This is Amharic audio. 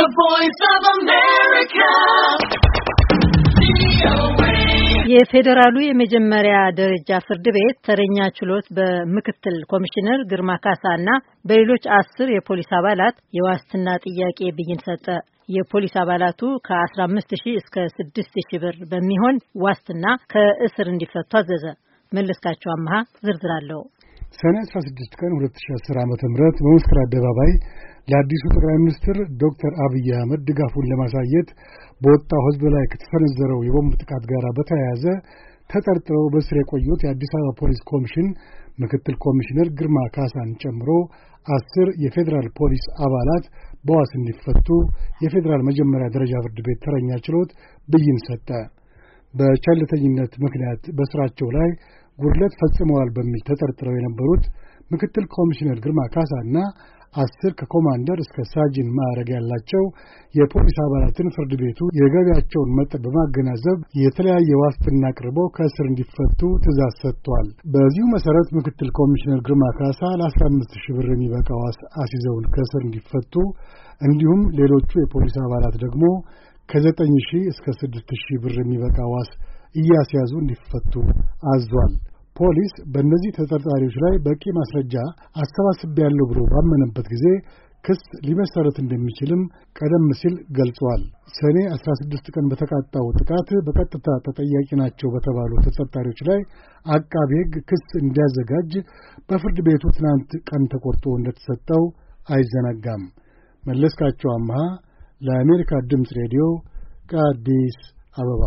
The Voice of America. የፌዴራሉ የመጀመሪያ ደረጃ ፍርድ ቤት ተረኛ ችሎት በምክትል ኮሚሽነር ግርማ ካሳ እና በሌሎች አስር የፖሊስ አባላት የዋስትና ጥያቄ ብይን ሰጠ። የፖሊስ አባላቱ ከ15 ሺህ እስከ 6 ሺህ ብር በሚሆን ዋስትና ከእስር እንዲፈቱ አዘዘ። መለስካቸው አመሃ ዝርዝር አለው። ሰኔ 16 ቀን 2010 ዓ.ም በመስቀል አደባባይ ለአዲሱ ጠቅላይ ሚኒስትር ዶክተር አብይ አህመድ ድጋፉን ለማሳየት በወጣው ህዝብ ላይ ከተሰነዘረው የቦምብ ጥቃት ጋር በተያያዘ ተጠርጥረው በስር የቆዩት የአዲስ አበባ ፖሊስ ኮሚሽን ምክትል ኮሚሽነር ግርማ ካሳን ጨምሮ አስር የፌዴራል ፖሊስ አባላት በዋስ እንዲፈቱ የፌዴራል መጀመሪያ ደረጃ ፍርድ ቤት ተረኛ ችሎት ብይን ሰጠ። በቸልተኝነት ምክንያት በስራቸው ላይ ጉድለት ፈጽመዋል በሚል ተጠርጥረው የነበሩት ምክትል ኮሚሽነር ግርማ ካሳና አስር ከኮማንደር እስከ ሳጅን ማዕረግ ያላቸው የፖሊስ አባላትን ፍርድ ቤቱ የገቢያቸውን መጠን በማገናዘብ የተለያየ ዋስትና አቅርበው ከእስር እንዲፈቱ ትእዛዝ ሰጥቷል። በዚሁ መሰረት ምክትል ኮሚሽነር ግርማ ካሳ ለአስራ አምስት ሺህ ብር የሚበቃ ዋስ አስይዘውን ከእስር እንዲፈቱ እንዲሁም ሌሎቹ የፖሊስ አባላት ደግሞ ከዘጠኝ ሺህ እስከ ስድስት ሺህ ብር የሚበቃ ዋስ እያስያዙ እንዲፈቱ አዟል። ፖሊስ በእነዚህ ተጠርጣሪዎች ላይ በቂ ማስረጃ አሰባስቤያለሁ ብሎ ባመነበት ጊዜ ክስ ሊመሰረት እንደሚችልም ቀደም ሲል ገልጿል። ሰኔ 16 ቀን በተቃጣው ጥቃት በቀጥታ ተጠያቂ ናቸው በተባሉ ተጠርጣሪዎች ላይ አቃቤ ሕግ ክስ እንዲያዘጋጅ በፍርድ ቤቱ ትናንት ቀን ተቆርጦ እንደተሰጠው አይዘነጋም። መለስካቸው አምሃ ለአሜሪካ ድምፅ ሬዲዮ ከአዲስ አበባ